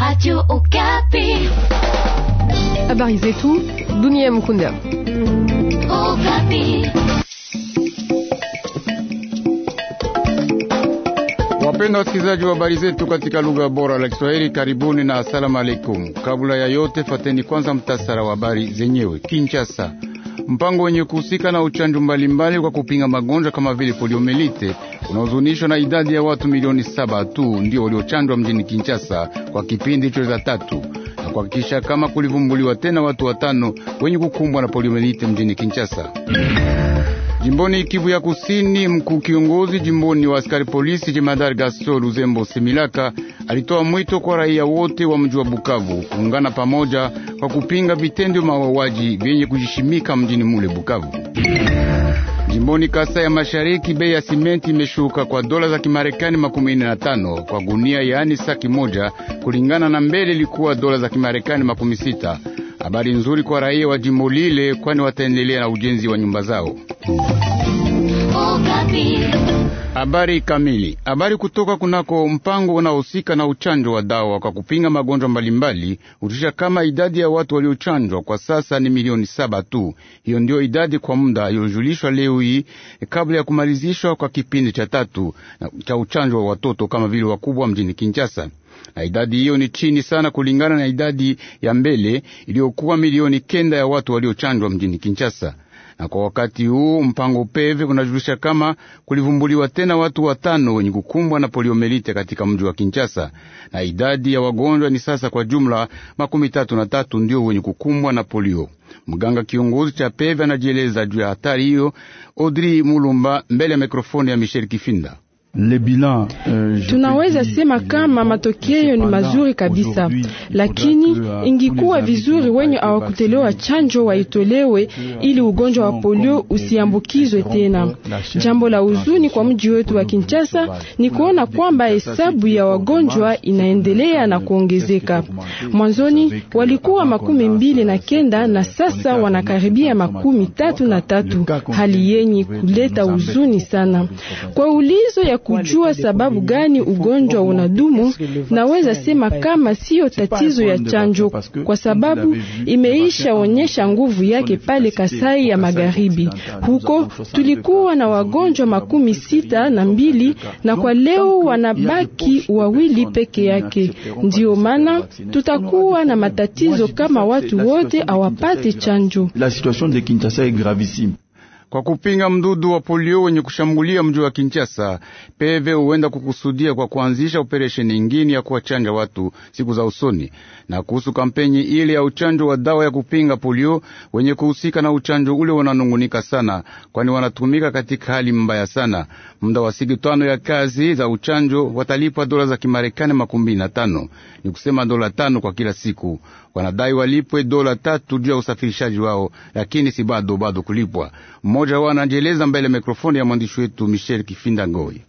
Radio Okapi. Habari zetu dunia mkunda. Okapi. Wapenda wasikilizaji wa habari zetu katika lugha bora la Kiswahili, karibuni na asalamu alaykum. Kabla ya yote, fateni kwanza mtasara wa habari zenyewe. Kinshasa mpango wenye kuhusika na uchanjo mbalimbali kwa kupinga magonjwa kama vile poliomelite unaozunishwa na idadi ya watu milioni saba tu ndio waliochanjwa mjini Kinshasa kwa kipindi hicho cha tatu na kuhakikisha kama kulivumbuliwa tena watu watano wenye kukumbwa na poliomelite mjini Kinshasa. Jimboni Kivu ya Kusini, mkuu kiongozi jimboni wa askari polisi jemadari Gaston Luzembo Similaka alitoa mwito kwa raia wote wa mji wa Bukavu kuungana pamoja kwa kupinga vitendo mauaji vyenye kujishimika mjini mule Bukavu. Jimboni Kasai ya Mashariki, bei ya simenti imeshuka kwa dola za Kimarekani makumi ine na tano kwa gunia, yaani saki moja, kulingana na mbele ilikuwa dola za Kimarekani makumi sita. Habari nzuri kwa raia wa jimbo lile, kwani wataendelea na ujenzi wa nyumba zao. Habari kamili. Habari kutoka kunako mpango unaohusika na uchanjo wa dawa kwa kupinga magonjwa mbalimbali hutisha kama idadi ya watu waliochanjwa kwa sasa ni milioni saba tu. Hiyo ndiyo idadi kwa muda iliyojulishwa leo hii kabla ya kumalizishwa kwa kipindi cha tatu cha uchanjo wa watoto kama vile wakubwa mjini Kinshasa na idadi hiyo ni chini sana kulingana na idadi ya mbele iliyokuwa milioni kenda ya watu waliochanjwa mjini Kinshasa. Na kwa wakati huu mpango peve kunajulisha kama kulivumbuliwa tena watu watano wenye kukumbwa na poliomelite katika mji wa Kinshasa, na idadi ya wagonjwa ni sasa kwa jumla makumi tatu na tatu ndio wenye kukumbwa na polio. Mganga kiongozi cha peve anajieleza juu ya hatari hiyo, Audrey Mulumba, mbele ya mikrofoni ya Michel Kifinda. Bilan, uh, tunaweza sema euh, kama matokeo ni mazuri kabisa, lakini euh, ingikuwa vizuri wenye awakutelewa chanjo waitolewe ili ugonjwa wa polio usiambukizwe tena. Jambo la huzuni kwa mji wetu wa Kinshasa ni kuona kwamba hesabu ya wagonjwa inaendelea na kuongezeka. Mwanzoni walikuwa makumi mbili na kenda na sasa wanakaribia makumi tatu na tatu, hali yenye kuleta huzuni sana. Kwa ulizo ya kujua sababu gani ugonjwa unadumu, naweza sema kama siyo tatizo ya chanjo, kwa sababu imeisha onyesha nguvu yake pale Kasai ya Magharibi. Huko tulikuwa na wagonjwa makumi sita na mbili na kwa leo wanabaki wawili peke yake. Ndiyo maana tutakuwa na matatizo kama watu wote awapate chanjo. La situation de Kinshasa est gravissime kwa kupinga mdudu wa polio wenye kushambulia mji wa Kinshasa. Peve huenda kukusudia kwa kuanzisha operesheni ingine ya kuwachanja watu siku za usoni. Na kuhusu kampeni ile ya uchanjo wa dawa ya kupinga polio, wenye kuhusika na uchanjo ule wananungunika sana, kwani wanatumika katika hali mbaya sana. Muda wa siku tano ya kazi za uchanjo watalipwa dola za Kimarekani makumi na tano, ni kusema dola tano kwa kila siku wanadai walipwe dola tatu juu ya usafirishaji wao, lakini si bado bado kulipwa. Mmoja wao anajieleza mbele ya mikrofoni ya mwandishi wetu Michel Kifinda Ngoi.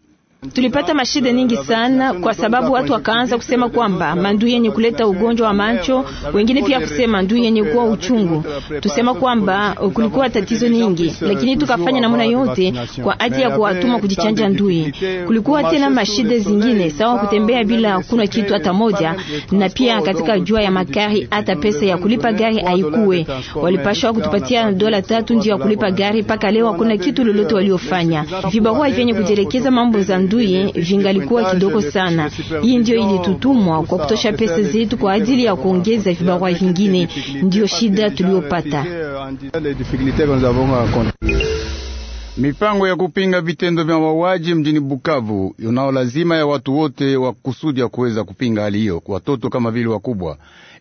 Tulipata mashida nyingi sana, kwa sababu watu wakaanza kusema kwamba mandui yenye kuleta ugonjwa wa macho, wengine pia kusema ndui yenye kuwa uchungu. Tusema kwamba kulikuwa tatizo nyingi, lakini tukafanya namna yote kwa ajili ya kuwatuma kujichanja ndui. Kulikuwa tena mashida zingine sawa, kutembea bila kuna kitu hata moja, na pia katika jua ya makari, hata pesa ya kulipa gari haikuwe. Walipashwa kutupatia dola tatu ndio ya kulipa gari, mpaka leo hakuna kitu lolote waliofanya. Vibarua vyenye kujielekeza mambo za adui vingalikuwa kidogo sana. Hii ndio ilitutumwa kwa kutosha pesa zetu kwa ajili ya kuongeza vibarua vingine, ndio shida tuliyopata. Mipango ya kupinga vitendo vya mauaji mjini Bukavu yonao lazima ya watu wote wa kusudi ya kuweza kupinga hali hiyo, watoto kama vile wakubwa.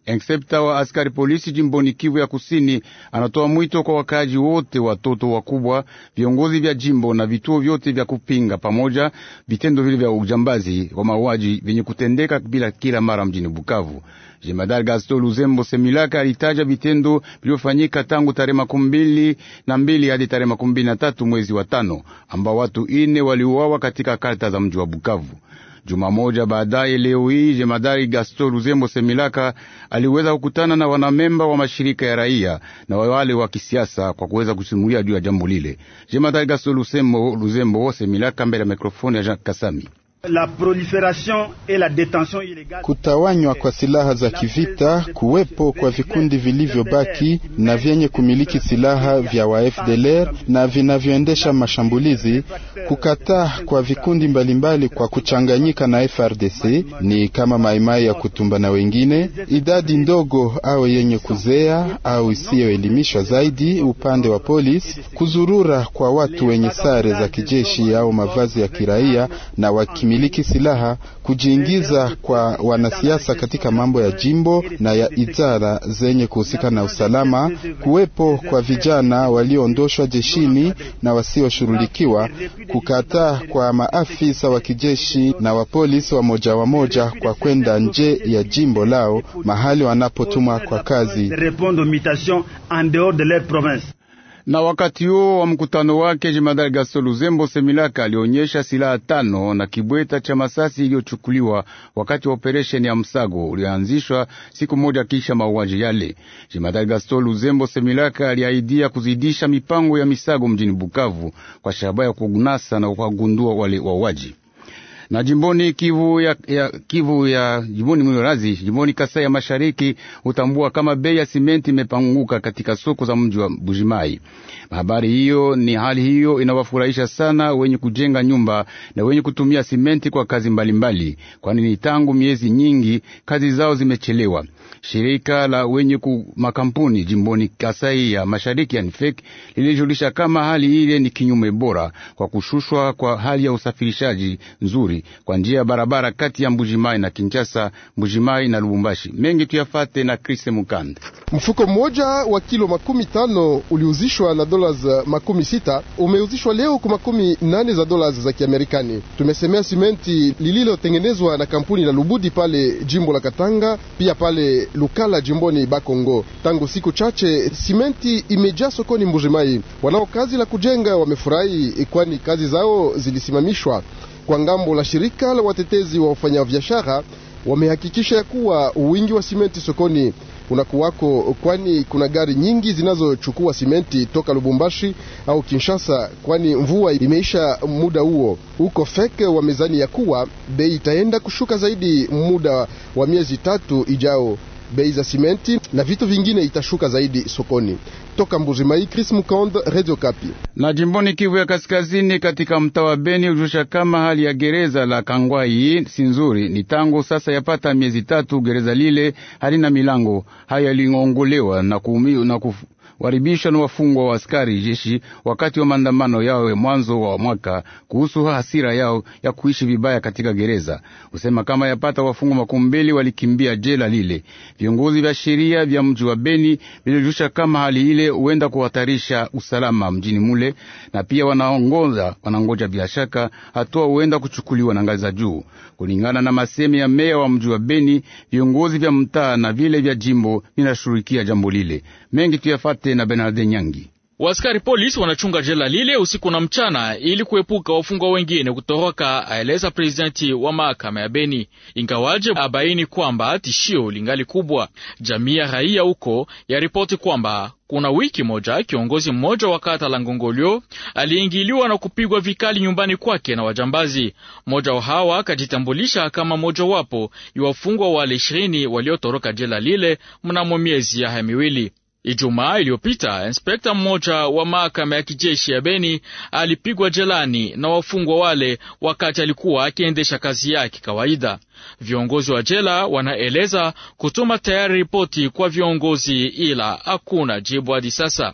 Inspekta wa askari polisi jimboni Kivu ya Kusini anatoa mwito kwa wakaaji wote, watoto wakubwa, viongozi vya jimbo na vituo vyote vya kupinga pamoja vitendo vile vya ujambazi wa mauaji vyenye kutendeka bila kila mara mjini Bukavu. Jemadari gasto Luzembo Semilaka alitaja vitendo vilivyofanyika tangu tarehe makumi mbili na mbili hadi tarehe makumi mbili na tatu mwezi wa tano, ambao watu ine waliuawa katika karta za mji wa Bukavu. Juma moja baadaye, leo hii, jemadari Gaston Luzembo Semilaka aliweza kukutana na wanamemba wa mashirika ya raia na wale wa kisiasa kwa kuweza kusimulia juu ya jambo lile. Jemadari Gaston Luzembo Luzembo Semilaka mbele ya mikrofoni ya Jean Kasami. Kutawanywa kwa silaha za kivita, kuwepo kwa vikundi vilivyobaki na vyenye kumiliki silaha vya wa FDLR na vinavyoendesha mashambulizi, kukataa kwa vikundi mbalimbali kwa kuchanganyika na FRDC ni kama maimai ya kutumba na wengine, idadi ndogo au yenye kuzea au isiyoelimishwa zaidi upande wa polisi, kuzurura kwa watu wenye sare za kijeshi au mavazi ya kiraia na waki kumiliki silaha, kujiingiza kwa wanasiasa katika mambo ya jimbo na ya idara zenye kuhusika na usalama, kuwepo kwa vijana walioondoshwa jeshini na wasioshughulikiwa, kukataa kwa maafisa wa kijeshi na wa polisi wa moja wa moja kwa kwenda nje ya jimbo lao mahali wanapotumwa kwa kazi na wakati huo wa mkutano wake jemadari Gaston Luzembo Semilaka alionyesha silaha tano na kibweta cha masasi iliyochukuliwa wakati wa operesheni ya msago ulioanzishwa siku moja kisha mauaji yale. Jemadari Gaston Luzembo Semilaka aliahidia kuzidisha mipango ya misago mjini Bukavu kwa shabaha ya kugunasa na kugundua wale wauaji na jimboni Kivu ya, ya, Kivu ya jimboni Mwiyorazi jimboni Kasai ya Mashariki utambua kama bei ya simenti imepanguka katika soko za mji wa Bujimai. Habari hiyo ni hali hiyo inawafurahisha sana wenye kujenga nyumba na wenye kutumia simenti kwa kazi mbalimbali, kwani ni tangu miezi nyingi kazi zao zimechelewa. Shirika la wenye ku makampuni jimboni Kasai ya Mashariki ya NIFEC lilijulisha kama hali ile ni kinyume bora kwa kushushwa kwa hali ya usafirishaji nzuri magari kwa njia ya barabara kati ya Mbujimai na Kinshasa, Mbujimai na Lubumbashi. Mengi tuyafate na Kriste Mukande. Mfuko mmoja wa kilo makumi tano uliuzishwa na dola makumi sita umeuzishwa leo kwa makumi nane za dola za Kiamerikani. Tumesemea simenti lililotengenezwa na kampuni la Lubudi pale jimbo la Katanga, pia pale Lukala jimboni Bakongo. Tangu siku chache simenti imejaa sokoni Mbujimai. Wanao kazi la kujenga wamefurahi, kwani kazi zao zilisimamishwa. Kwa ngambo la shirika la watetezi wa wafanyabiashara, wamehakikisha kuwa wingi wa simenti sokoni unakuwako, kwani kuna gari nyingi zinazochukua simenti toka Lubumbashi au Kinshasa, kwani mvua imeisha muda huo. Huko feke wamezani ya kuwa bei itaenda kushuka zaidi muda wa miezi tatu ijao bei za simenti na vitu vingine itashuka zaidi sokoni. Toka Mbuji Chris Mkonde, Radio Kapi. Na jimboni Kivu ya Kaskazini, katika mtaa wa Beni ujusha kama hali ya gereza la Kangwai si nzuri, ni tangu sasa yapata miezi tatu gereza lile halina milango. Haya yaliongolewa na kuumiu na kufu waribishwa na wafungwa wa askari jeshi wakati wa maandamano yao mwanzo wa mwaka kuhusu hasira yao ya kuishi vibaya katika gereza. Usema kama yapata wafungwa makumi mbili walikimbia jela lile. Viongozi vya sheria vya mji wa Beni vilijusha kama hali ile huenda kuhatarisha usalama mjini mule, na pia wanaongoza wanangoja bila shaka hatua huenda kuchukuliwa na ngazi za juu, kulingana na masemi ya meya wa mji wa Beni. Viongozi vya mtaa na vile vya jimbo vinashughulikia jambo lile. Mengi tuyafate na Bernard Nyangi. Waskari polisi wanachunga jela lile usiku na mchana ili kuepuka wafungwa wengine kutoroka, aeleza prezidenti wa mahakama ya Beni, ingawaje abaini kwamba tishio lingali kubwa. Jamii ya raia huko yaripoti kwamba kuna wiki moja kiongozi mmoja wa kata la Ngongolio aliingiliwa na kupigwa vikali nyumbani kwake na wajambazi. Mmoja wa hawa akajitambulisha kama moja wapo wafungwa wale ishirini waliotoroka jela lile mnamo miezi ya miwili. Ijumaa iliyopita inspekta mmoja wa mahakama ya kijeshi ya Beni alipigwa jelani na wafungwa wale wakati alikuwa akiendesha kazi yake kawaida. Viongozi wa jela wanaeleza kutuma tayari ripoti kwa viongozi, ila hakuna jibu hadi sasa.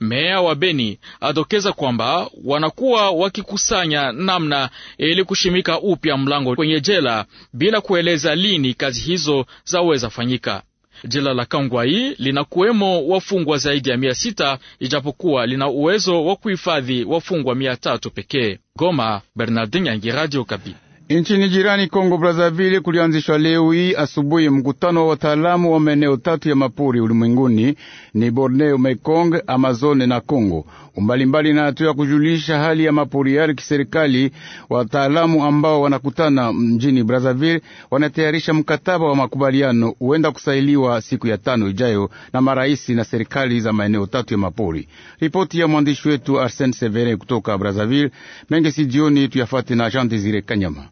Meya wa Beni adokeza kwamba wanakuwa wakikusanya namna ili kushimika upya mlango kwenye jela bila kueleza lini kazi hizo zaweza fanyika. Jela la Kangwai linakuwemo wafungwa zaidi ya mia sita ijapokuwa lina uwezo wa kuhifadhi wafungwa mia tatu pekee. Goma, Bernardin Yangi, Radio Kapi. Nchini jirani Kongo Brazzaville kulianzishwa leo hii asubuhi mkutano wa wataalamu wa maeneo tatu ya mapori ulimwenguni ni Borneo, Mekong, Amazone na Kongo umbalimbali, na hatua kujulisha hali ya mapori yale kiserikali. Wataalamu ambao wanakutana mjini Brazzaville wanatayarisha mkataba wa makubaliano huenda kusailiwa siku ya tano ijayo na maraisi na serikali za maeneo tatu ya mapori. Ripoti ya mwandishi wetu Arsene Severin kutoka Brazzaville. Mengi si jioni tuyafate na Jean Desire Kanyama.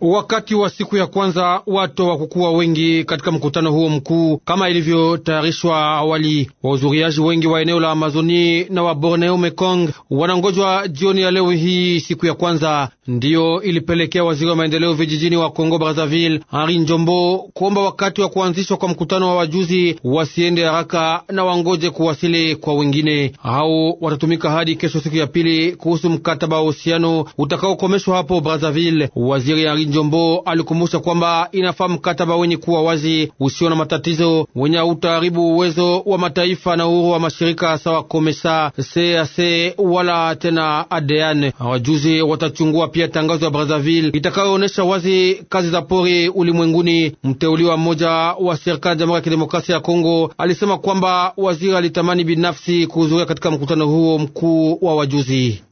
Wakati wa siku ya kwanza watu wakukuwa wengi katika mkutano huo mkuu kama ilivyotayarishwa awali. Wahudhuriaji wengi wa eneo la Amazoni na wa Borneo Mekong wanangojwa jioni ya leo hii. Siku ya kwanza ndiyo ilipelekea waziri wa maendeleo vijijini wa Kongo Brazzaville Henri Njombo kuomba wakati wa kuanzishwa kwa mkutano wa wajuzi wasiende haraka na wangoje kuwasili kwa wengine hao. Watatumika hadi kesho siku ya pili kuhusu mkataba wa uhusiano utakaokomeshwa hapo Brazzaville. Waziri Njombo alikumbusha kwamba inafaa mkataba wenye kuwa wazi, usio na matatizo, wenye utaharibu uwezo wa mataifa na uhuru wa mashirika sawa Komesa, CAC wala tena ADN. Wajuzi watachungua pia tangazo ya Brazzaville itakayoonyesha wazi kazi za pori ulimwenguni. Mteuliwa mmoja wa serikali ya Jamhuri ya Kidemokrasia ya Kongo alisema kwamba waziri alitamani binafsi kuhudhuria katika mkutano huo mkuu wa wajuzi.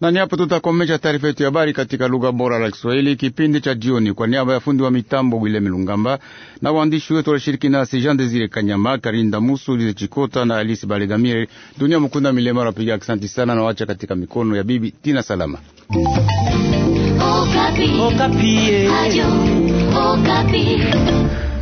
Na ni hapo tutakomesha taarifa yetu ya habari katika lugha bora la Kiswahili kipindi cha jioni. Kwa niaba ya fundi wa mitambo William Lungamba na waandishi wetu walishiriki nasi Jean Desire Kanyama, Karinda Musu, Lize Chikota na Alice Baligamire, Dunia Mukunda Milema rapiga asante sana na wacha katika mikono ya bibi Tina Salama. Okapi. Okapi. Eh. Adio. Okapi.